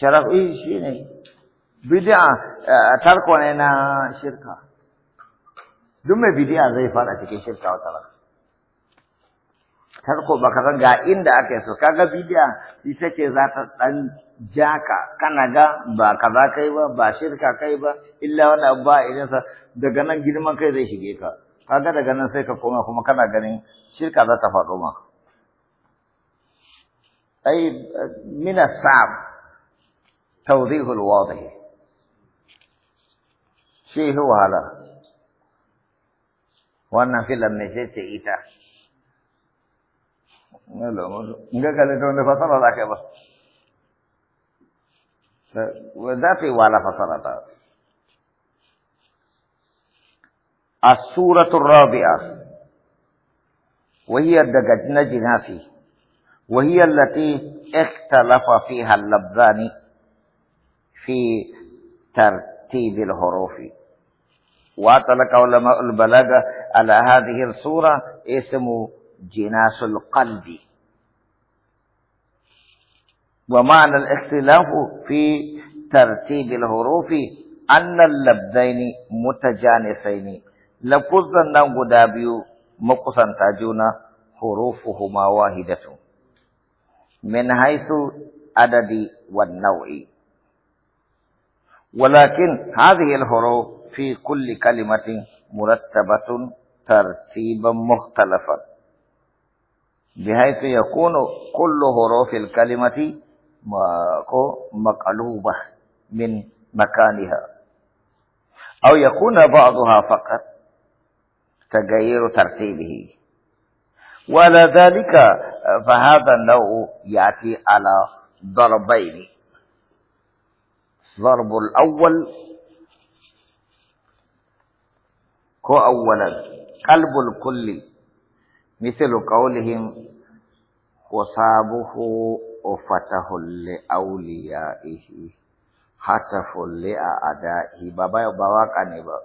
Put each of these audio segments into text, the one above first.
sharaf'i shi ne bid'a eh, tarko ne na shirka duk mai bid'a zai fara cikin shirka wata ba tarko baka san ga inda aka so kaga bidiya ita ce za ta dan jaka kana ga ba kaza kai ba ba shirka kai ba illa wani ba idan sa daga nan girman kai zai shige ka kaga daga nan sai ka koma kuma kana ganin shirka za ta faɗo maka ai eh, mina sab توضيح الواضح شيء هو هذا وانا في لما جيت ايتا لا ga kalli ta wanda fasara za ka ba za ta yi السورة الرابعة وهي الدجاج نجناسي وهي التي اختلف فيها اللبذان في ترتيب الحروف واطلق علماء البلاغة على هذه الصورة اسم جناس القلب ومعنى الاختلاف في ترتيب الحروف أن اللبدين متجانسين النوم دابيو مقصن تاجونا حروفهما واحدة من حيث عدد والنوع ولكن هذه الحروف في كل كلمة مرتبة ترتيبا مختلفا بحيث يكون كل حروف الكلمة مقلوبة من مكانها أو يكون بعضها فقط تغيير ترتيبه وعلى ذلك فهذا النوع يأتي على ضربين ضرب الأول كو أولا قلب الكل مثل قولهم وصابه وفتح لأوليائه هتف لأعدائه بابا بواقع نبا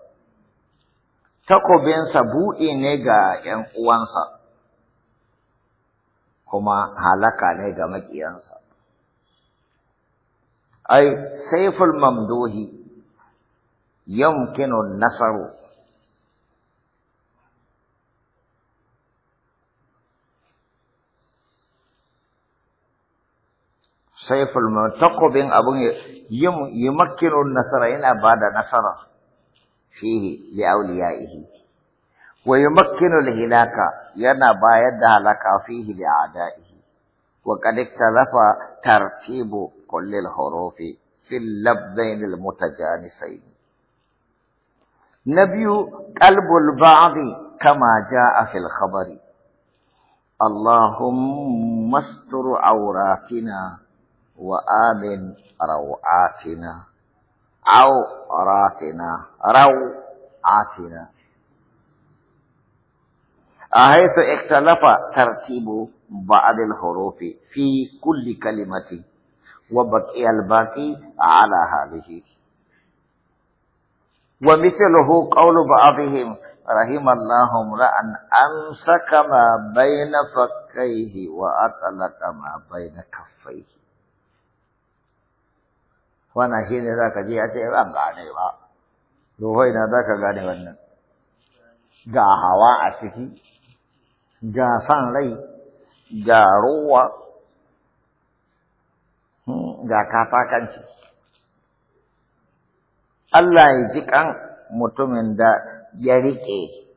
takobinsa buɗe ne ga ‘yan uwansa, kuma halaka ne ga maƙiyansa. أي سيف الممدوح يمكن النصر سيف الممدوح تقبين أبن يمكن النصر بعد نصر فيه لأوليائه ويمكن الهلاك ينا بايد هلاك فيه لأعدائه وقد اختلف ترتيب كل الحروف في اللبين المتجانسين نبي قلب البعض كما جاء في الخبر اللهم استر عوراتنا وآمن روعاتنا عوراتنا روعاتنا أهيث اختلف ترتيب بعد الحروف في كل كلمة وبقي الباقي على هذه ومثله قول بعضهم رحم الله امرأ أمسك ما بين فكيه وأطلق ما بين كفيه وانا شيء ذاك جيعتي أم غاني با روحي ذاك غاني وانا غاهوا أسكي غاسان لي ga ruwa hmm, ga kafakanci Allah ya ji kan mutumin da ya riƙe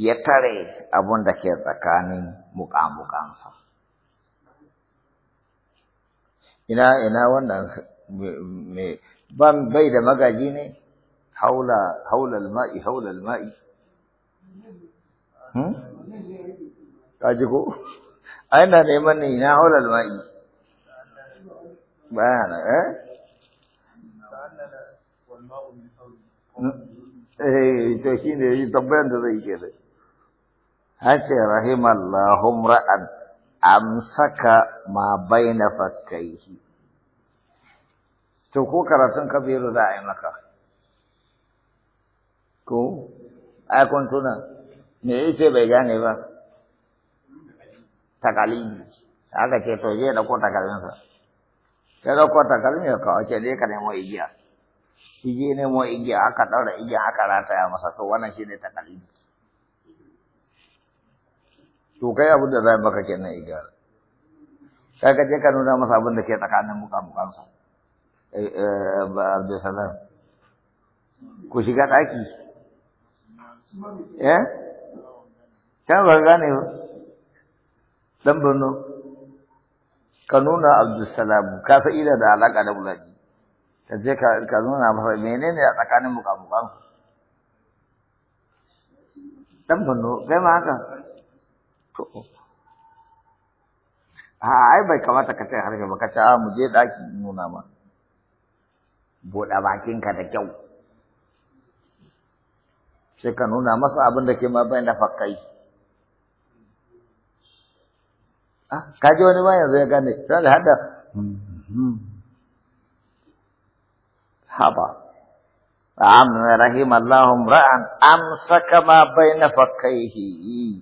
ya tare abun da ke tsakanin muƙamuƙansa. Ina ina wannan ban bai da magaji ne haula haula al-ma'i haula al-ma'i. Hmm? ka ji ko na neman ne na aula alwai ba na eh eh to shine yi tabbayan da zai ke sai hace rahimallahu ra'an amsaka ma baina fakkaihi to ko karatun kabiru za a yi maka ko ai kun tuna me yace bai gane ba takalimi aka ce to je dauko takalminsa ya dauko takalmi ya kawo ce dai ka nemo igiya shi je nemo igiya aka daura igiya aka rataya masa to wannan shi ne takalimi to kai abin da za baka kenan igiya sai ka je ka nuna masa abin da ke tsakanin mukamukansa Abdulsalam ku shiga ɗaki eh can ba gane ba dan Borno ka nuna Abdulsalam ka fa ila da alaka da Bulaji ka je ka ka nuna masa menene a tsakanin mukamukan dan Borno kai ma haka to a ai bai kamata ka tsaya harshe ba ka ce a mu je daki nuna ma bakin bakinka da kyau sai ka nuna masa abin da ke ma bai da fakkai kaji wani ma yanzu ya gane sai hada hmm, hmm, hmm. haba am rahim Allahum ra'an amsaka ma baina yi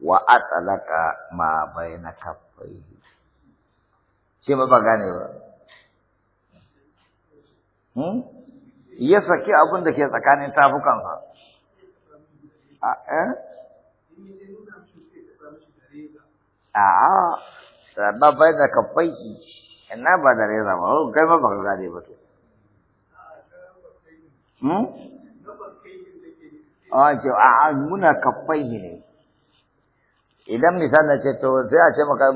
wa atalaka ma baina kaffaihi shi ba gane ba hmm ya saki abin da ke tsakanin tafukansa a eh a'a rabba bai da kafai ina ba da rera ba ko oh, kai ba ba ka gane ba to hmm ah, a ce a'a muna kafai ne idan misali ce to sai a ce maka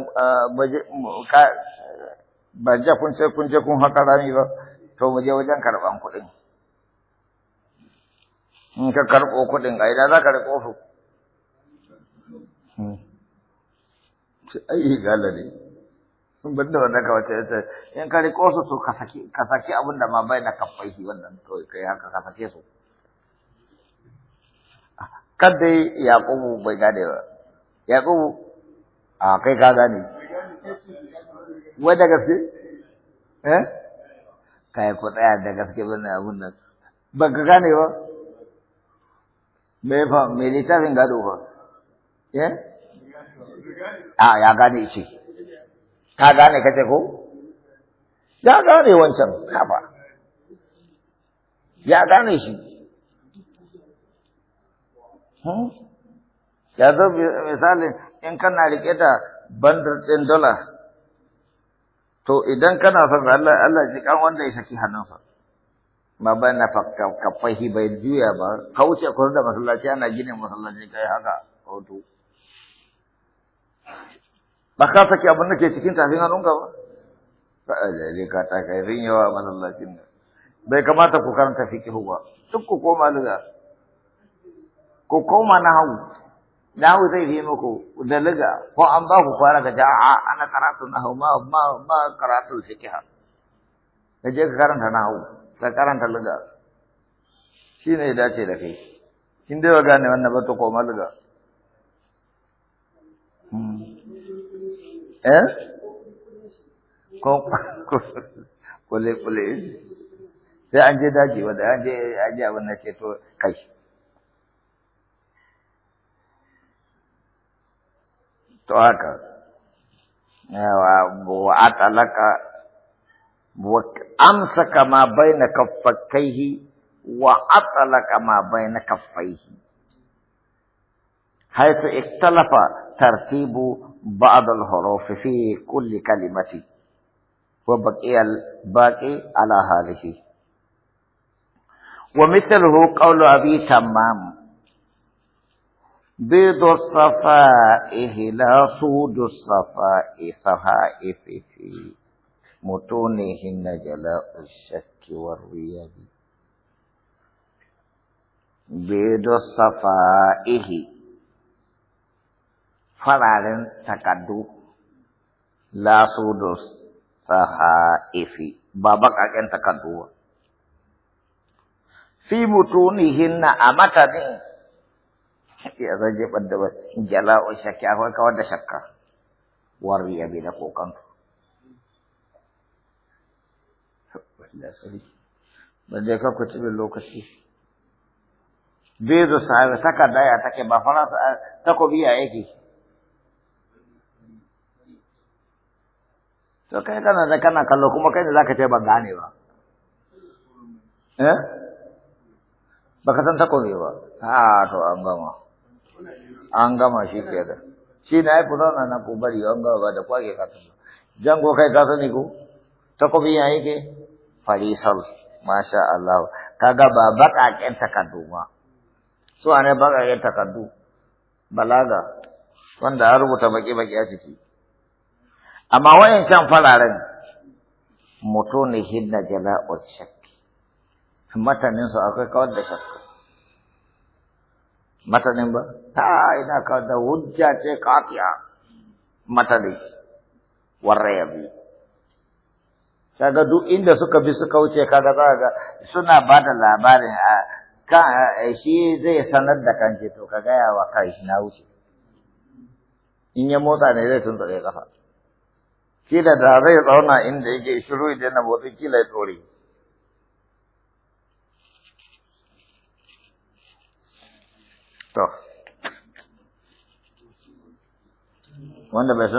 ba je kun ce kun je kun haka rami ba to mu je wajen karɓan kuɗin in ka karɓo kuɗin a idan za ka riƙo su hmm. ce ai gala ne sun banda wannan ka wata ta in ka riko su to ka saki ka saki abin da ma bai na kafai shi wannan kawai kai haka ka sake su kada yaqubu bai gane ba yaqubu a kai ka gane wai da gaske eh kai ko tsaya da gaske bane abun nan ba ka gane ba me fa me litafin gado ba eh a ya gane ce ka gane kace ko ya gane wancan kafa, ya gane shi hmm? ya zo misalin in kana rike da bandar ɗin dola to idan kana son Allah Allah ji kan wanda ya saki hannunsa ma ba na fakka kafai bai juya ba kauce kusa da masallaci ana gina masallaci kai haka hoto ba ka saki abin da ke cikin tafin hannunka ba ka ajaje ka ta kai rin yawa masallacin nan bai kamata ku karanta fiqhu ba duk ku koma liga ku koma Na nahwu zai fi muku da liga ko an ba ku fara ga ja'a ana karatu nahwu ma ma ma karatu fiqh ka je ka karanta nahwu ka karanta liga shine ya dace da kai kin dai gane wannan ba to koma liga Hmm. eh kole kule sai an je daji wanda an je an je abin da to kai to haka wa atalaka wa amsaka ma baina kaffaihi wa atalaka ma baina kaffaihi haythu ikhtalafa ترتيب بعض الحروف في كل كلمة وبقي الباقي على حاله ومثله قول أبي تمام بيض الصفاء لا صود الصفاء صحائف في متونهن جلاء الشك والرياض بيد الصفائه fararen takaddu la su da sahaifi ba baƙaƙen takaddu Fi butunihin na a matanin ya zage ɓadda ba o shakki akwai kawar da shakka wariya bai da kokanto. Ban ka kakwa cibin lokaci. Bezo zo sahabi takarda ya take ba faransa takobi ya yake to kai kana da kana kallo kuma kai ne zaka ce ban gane ba eh baka san ta takobi ba a to an gama an gama shi ke da shi na yi furana na ku bari an gama da kwage ka tun jango kai ka sani ku takobi ya yi ke farisal masha Allah kaga ba bakaken takardu ma su ne bakaken takardu balaga wanda an rubuta baki-baki a ciki amma wayancan fararen mutunihin na jala shakki matanin su akwai kawar da shakka matanin ba ta ina kawar da hujja ce kafiya matanin warra bi kaga duk inda suka bi suka wuce kaga za suna ba da labarin a shi zai sanar da kanje to ka gaya wa kai na wuce in ya motsa ne zai tuntuɓe ƙasa kila da zai tsauna inda yake shiru idan na kila ya to wanda bai